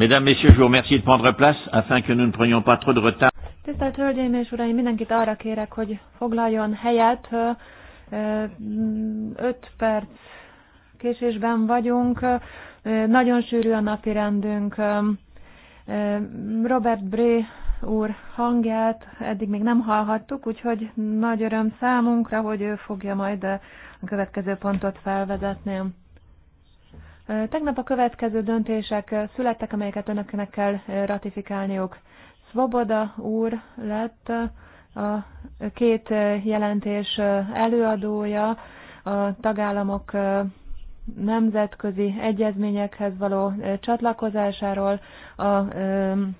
Mesdames, Messieurs, je vous remercie de prendre place afin que nous ne prenions pas trop de retard. Tisztelt Hölgyeim és Uraim, mindenkit arra kérek, hogy foglaljon helyet. 5 perc késésben vagyunk, nagyon sűrű a napi rendünk. Robert Bré úr hangját eddig még nem hallhattuk, úgyhogy nagy öröm számunkra, hogy ő fogja majd a következő pontot felvezetni. Tegnap a következő döntések születtek, amelyeket önöknek kell ratifikálniuk. Svoboda úr lett a két jelentés előadója a tagállamok nemzetközi egyezményekhez való csatlakozásáról, a um,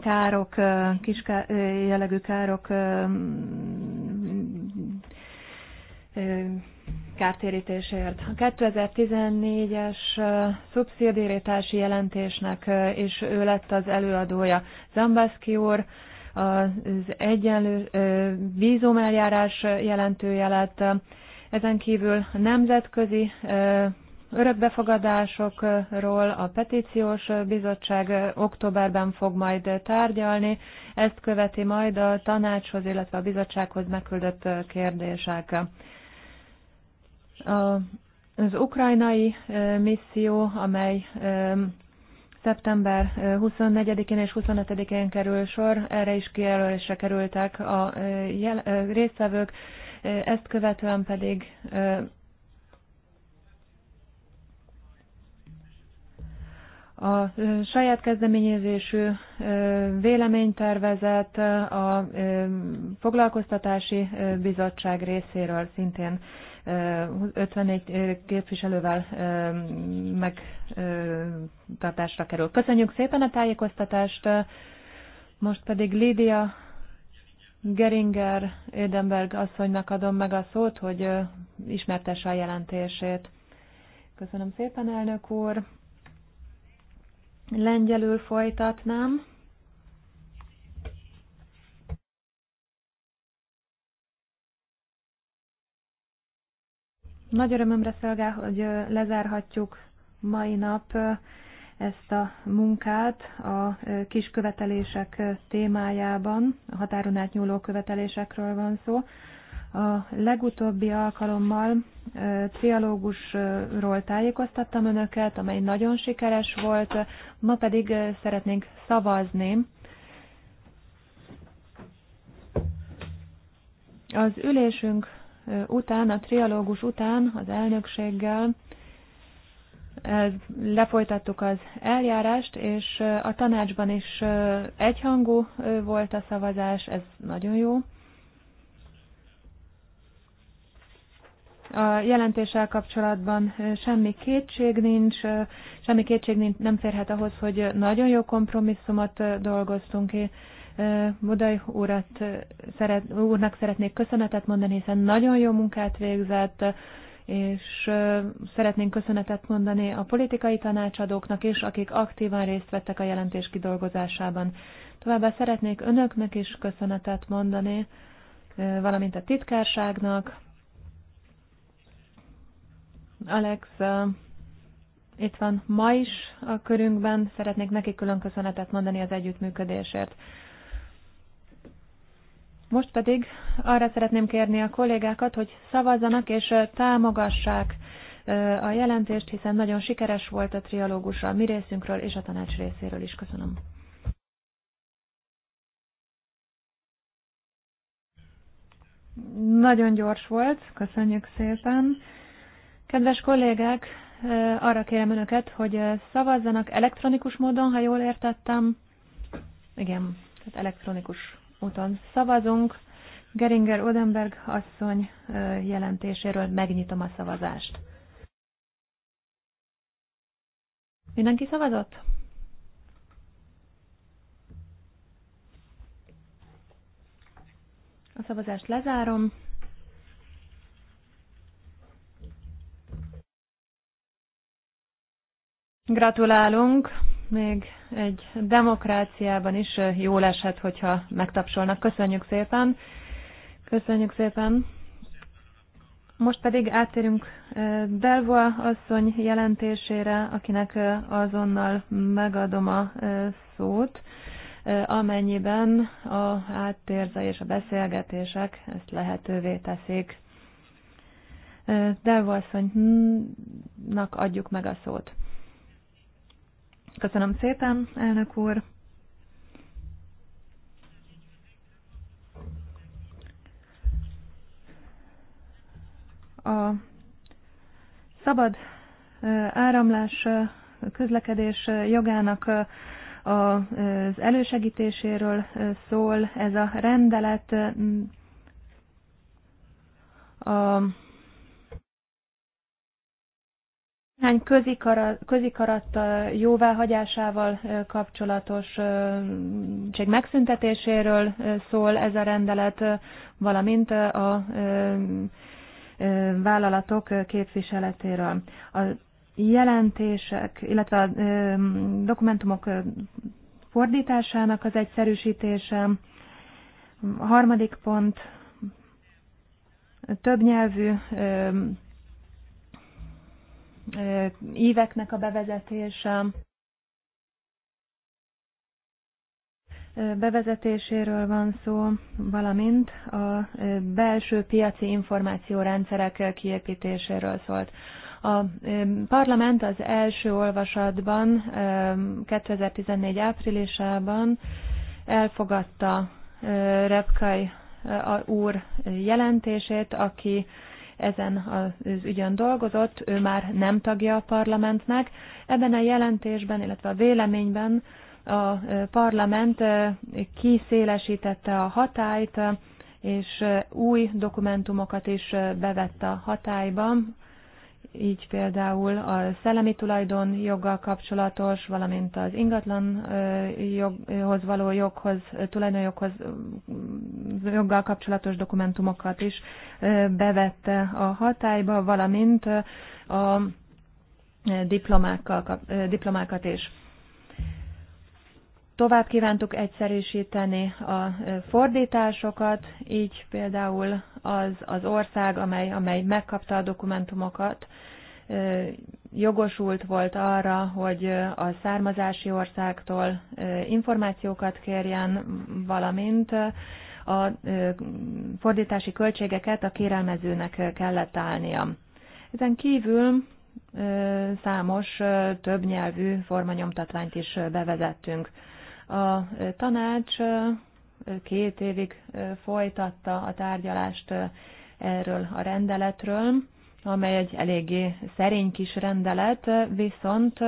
károk, uh, kis uh, jellegű károk um, uh, kártérítéséért. A 2014-es szubszidiritási jelentésnek is ő lett az előadója. Zambaszki úr az egyenlő vízumeljárás jelentője lett. Ezen kívül a nemzetközi örökbefogadásokról a petíciós bizottság októberben fog majd tárgyalni, ezt követi majd a tanácshoz, illetve a bizottsághoz megküldött kérdések. Az ukrajnai misszió, amely szeptember 24-én és 25-én kerül sor, erre is kijelölésre kerültek a résztvevők, ezt követően pedig a saját kezdeményezésű véleménytervezet a foglalkoztatási bizottság részéről szintén 54 képviselővel megtartásra kerül. Köszönjük szépen a tájékoztatást, most pedig Lídia Geringer Édenberg asszonynak adom meg a szót, hogy ismertesse a jelentését. Köszönöm szépen, elnök úr. Lengyelül folytatnám. Nagy örömömre szolgál, hogy lezárhatjuk mai nap ezt a munkát a kis követelések témájában, a határon átnyúló követelésekről van szó. A legutóbbi alkalommal trialógusról tájékoztattam önöket, amely nagyon sikeres volt, ma pedig szeretnénk szavazni. Az ülésünk után, a trialógus után az elnökséggel eh, lefolytattuk az eljárást, és eh, a tanácsban is eh, egyhangú volt a szavazás, ez nagyon jó. A jelentéssel kapcsolatban semmi kétség nincs, semmi kétség nincs, nem férhet ahhoz, hogy nagyon jó kompromisszumot dolgoztunk ki. Budai úrat, szeret, úrnak szeretnék köszönetet mondani, hiszen nagyon jó munkát végzett, és szeretnénk köszönetet mondani a politikai tanácsadóknak is, akik aktívan részt vettek a jelentés kidolgozásában. Továbbá szeretnék önöknek is köszönetet mondani, valamint a titkárságnak. Alex itt van ma is a körünkben, szeretnék neki külön köszönetet mondani az együttműködésért. Most pedig arra szeretném kérni a kollégákat, hogy szavazzanak és támogassák a jelentést, hiszen nagyon sikeres volt a trialógus a mi részünkről és a tanács részéről is. Köszönöm. Nagyon gyors volt, köszönjük szépen. Kedves kollégák, arra kérem önöket, hogy szavazzanak elektronikus módon, ha jól értettem. Igen, tehát elektronikus úton szavazunk. Geringer Odenberg asszony jelentéséről megnyitom a szavazást. Mindenki szavazott? A szavazást lezárom. Gratulálunk még egy demokráciában is jó leshet, hogyha megtapsolnak. Köszönjük szépen! Köszönjük szépen! Most pedig áttérünk eh, Delva asszony jelentésére, akinek eh, azonnal megadom a eh, szót, amennyiben a áttérze és a beszélgetések ezt lehetővé teszik. Delva asszonynak adjuk meg a szót. Köszönöm szépen, elnök úr. A szabad áramlás közlekedés jogának az elősegítéséről szól ez a rendelet. A Néhány közikarat, jóváhagyásával kapcsolatos csak megszüntetéséről szól ez a rendelet, valamint a vállalatok képviseletéről. A jelentések, illetve a dokumentumok fordításának az egyszerűsítése. A harmadik pont többnyelvű éveknek a bevezetése, bevezetéséről van szó, valamint a belső piaci információrendszerek kiépítéséről szólt. A parlament az első olvasatban 2014 áprilisában elfogadta Repkai úr jelentését, aki ezen az ügyön dolgozott, ő már nem tagja a parlamentnek. Ebben a jelentésben, illetve a véleményben a e, parlament e, kiszélesítette a hatályt, e, és új dokumentumokat is bevett a hatályban, így például a szellemi tulajdon joggal kapcsolatos, valamint az ingatlan joghoz való joghoz, tulajdonjoghoz joggal kapcsolatos dokumentumokat is bevette a hatályba, valamint a diplomákkal, diplomákat is. Tovább kívántuk egyszerűsíteni a e, fordításokat, így például az, az ország, amely, amely megkapta a dokumentumokat, e, jogosult volt arra, hogy a származási országtól e, információkat kérjen, valamint a fordítási költségeket a kérelmezőnek kellett állnia. Ezen kívül számos többnyelvű formanyomtatványt is bevezettünk. A tanács két évig folytatta a tárgyalást erről a rendeletről, amely egy eléggé szerény kis rendelet, viszont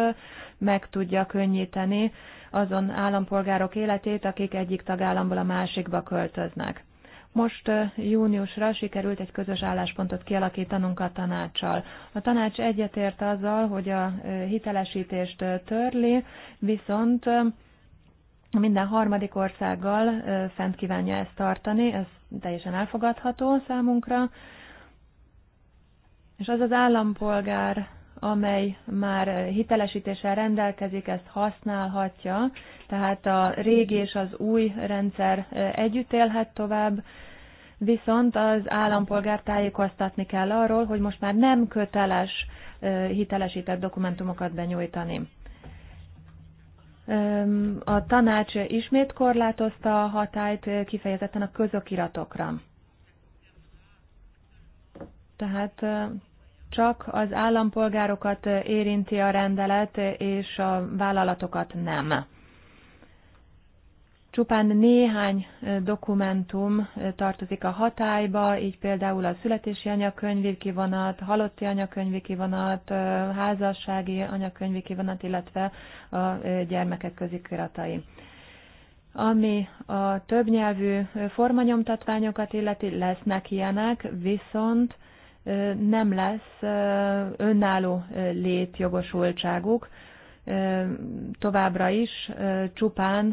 meg tudja könnyíteni azon állampolgárok életét, akik egyik tagállamból a másikba költöznek. Most júniusra sikerült egy közös álláspontot kialakítanunk a tanácssal. A tanács egyetért azzal, hogy a hitelesítést törli, viszont minden harmadik országgal fent kívánja ezt tartani, ez teljesen elfogadható számunkra. És az az állampolgár, amely már hitelesítéssel rendelkezik, ezt használhatja, tehát a régi és az új rendszer együtt élhet tovább, viszont az állampolgár tájékoztatni kell arról, hogy most már nem köteles hitelesített dokumentumokat benyújtani. A tanács ismét korlátozta a hatályt kifejezetten a közokiratokra. Tehát csak az állampolgárokat érinti a rendelet, és a vállalatokat nem. Csupán néhány dokumentum tartozik a hatályba, így például a születési anyakönyvi kivonat, halotti anyakönyvi kivonat, házassági anyakönyvi kivonat, illetve a gyermekek közikiratai ami a többnyelvű formanyomtatványokat illeti, lesznek ilyenek, viszont nem lesz önálló létjogosultságuk, továbbra is csupán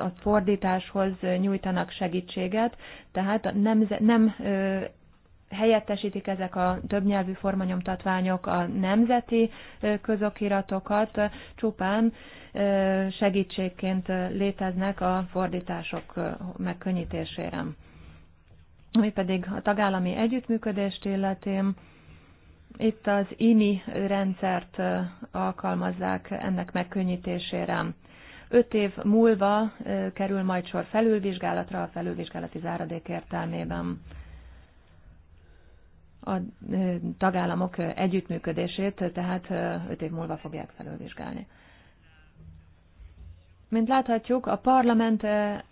a fordításhoz nyújtanak segítséget, tehát nem, nem helyettesítik ezek a többnyelvű formanyomtatványok a nemzeti közokiratokat, csupán segítségként léteznek a fordítások megkönnyítésére. Ami pedig a tagállami együttműködést illeti, itt az IMI rendszert alkalmazzák ennek megkönnyítésére. Öt év múlva kerül majd sor felülvizsgálatra a felülvizsgálati záradék értelmében a tagállamok együttműködését, tehát öt év múlva fogják felülvizsgálni. Mint láthatjuk, a parlament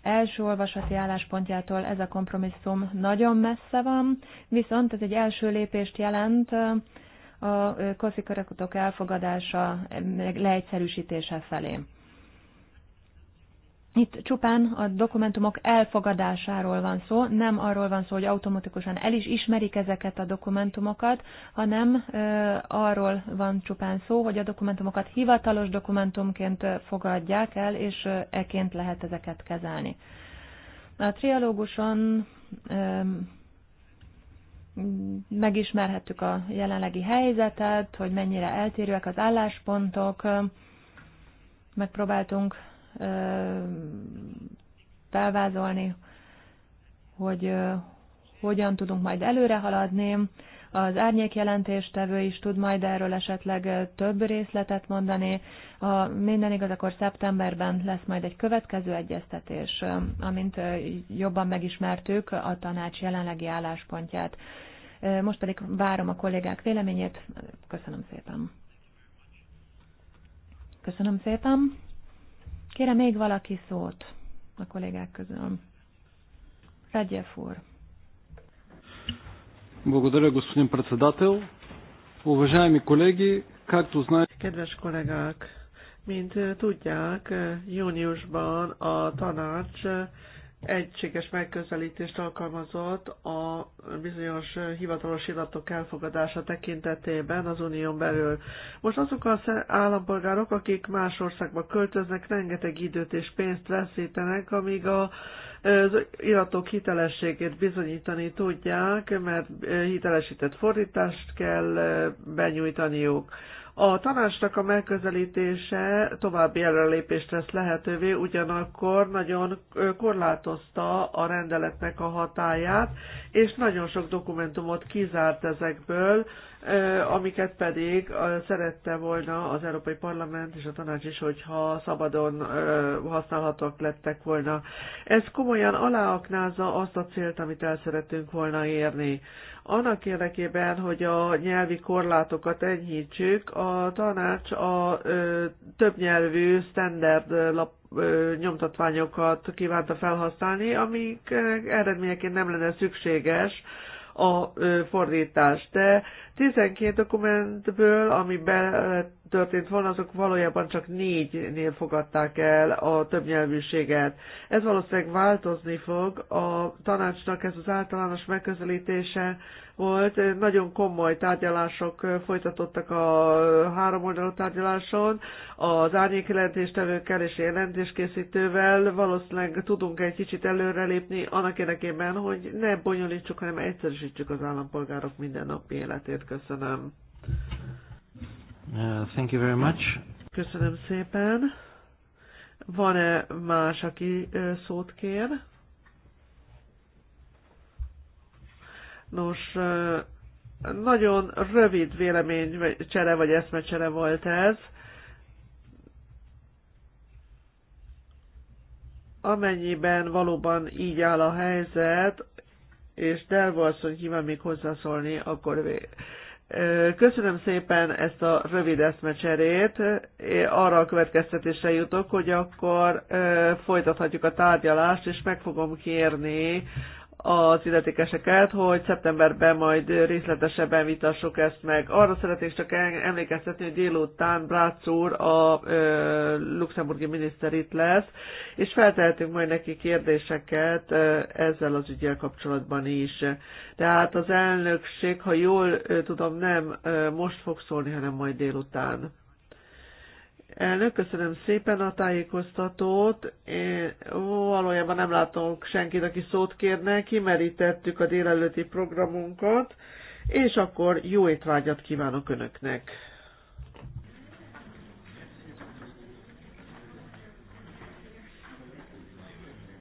első olvasati álláspontjától ez a kompromisszum nagyon messze van, viszont ez egy első lépést jelent a koszikarakutok elfogadása, leegyszerűsítése felé. Itt csupán a dokumentumok elfogadásáról van szó, nem arról van szó, hogy automatikusan el is ismerik ezeket a dokumentumokat, hanem ö, arról van csupán szó, hogy a dokumentumokat hivatalos dokumentumként fogadják el, és eként lehet ezeket kezelni. A trialóguson ö, megismerhettük a jelenlegi helyzetet, hogy mennyire eltérőek az álláspontok, megpróbáltunk felvázolni, hogy hogyan tudunk majd előre haladni. Az árnyék jelentéstevő is tud majd erről esetleg több részletet mondani. A minden igaz, akkor szeptemberben lesz majd egy következő egyeztetés, amint jobban megismertük a tanács jelenlegi álláspontját. Most pedig várom a kollégák véleményét. Köszönöm szépen. Köszönöm szépen. Kérem még valaki szót a kollégák közül. Радев úr. Благодаря, господин председател. Уважаеми колеги, както знаете... Kedves kollégák, mint tudják, júniusban a tanács egységes megközelítést alkalmazott a bizonyos hivatalos iratok elfogadása tekintetében az unión belül. Most azok az állampolgárok, akik más országba költöznek, rengeteg időt és pénzt veszítenek, amíg a az iratok hitelességét bizonyítani tudják, mert hitelesített fordítást kell benyújtaniuk. A tanácsnak a megközelítése további előrelépést tesz lehetővé, ugyanakkor nagyon korlátozta a rendeletnek a hatáját, és nagyon sok dokumentumot kizárt ezekből, amiket pedig szerette volna az Európai Parlament és a tanács is, hogyha szabadon használhatók lettek volna. Ez komolyan aláaknázza azt a célt, amit el szeretünk volna érni. Annak érdekében, hogy a nyelvi korlátokat enyhítsük, a tanács a ö, többnyelvű standard lap, ö, nyomtatványokat kívánta felhasználni, amik eredményeként nem lenne szükséges a ö, fordítás, de 12 dokumentből, ami történt volna, azok valójában csak négynél fogadták el a többnyelvűséget. Ez valószínűleg változni fog. A tanácsnak ez az általános megközelítése volt. Nagyon komoly tárgyalások folytatottak a oldalú tárgyaláson, az árnyék jelentéstevőkkel és jelentéskészítővel. Valószínűleg tudunk egy kicsit előrelépni annak érdekében, hogy ne bonyolítsuk, hanem egyszerűsítsük az állampolgárok mindennapi életét köszönöm. Uh, thank you very much. Köszönöm szépen. Van-e más, aki szót kér? Nos, nagyon rövid vélemény, csere vagy eszmecsere volt ez. Amennyiben valóban így áll a helyzet, és Delva asszony kíván még hozzászólni, akkor vé. Köszönöm szépen ezt a rövid eszmecserét. Én arra a következtetésre jutok, hogy akkor folytathatjuk a tárgyalást, és meg fogom kérni az illetékeseket, hogy szeptemberben majd részletesebben vitassuk ezt meg. Arra szeretnék csak emlékeztetni, hogy délután Brácz úr, a ö, luxemburgi miniszter itt lesz, és feltehetünk majd neki kérdéseket ö, ezzel az ügyel kapcsolatban is. Tehát az elnökség, ha jól ö, tudom, nem ö, most fog szólni, hanem majd délután. Elnök, köszönöm szépen a tájékoztatót. Én valójában nem látok senkit, aki szót kérne. Kimerítettük a délelőtti programunkat, és akkor jó étvágyat kívánok Önöknek!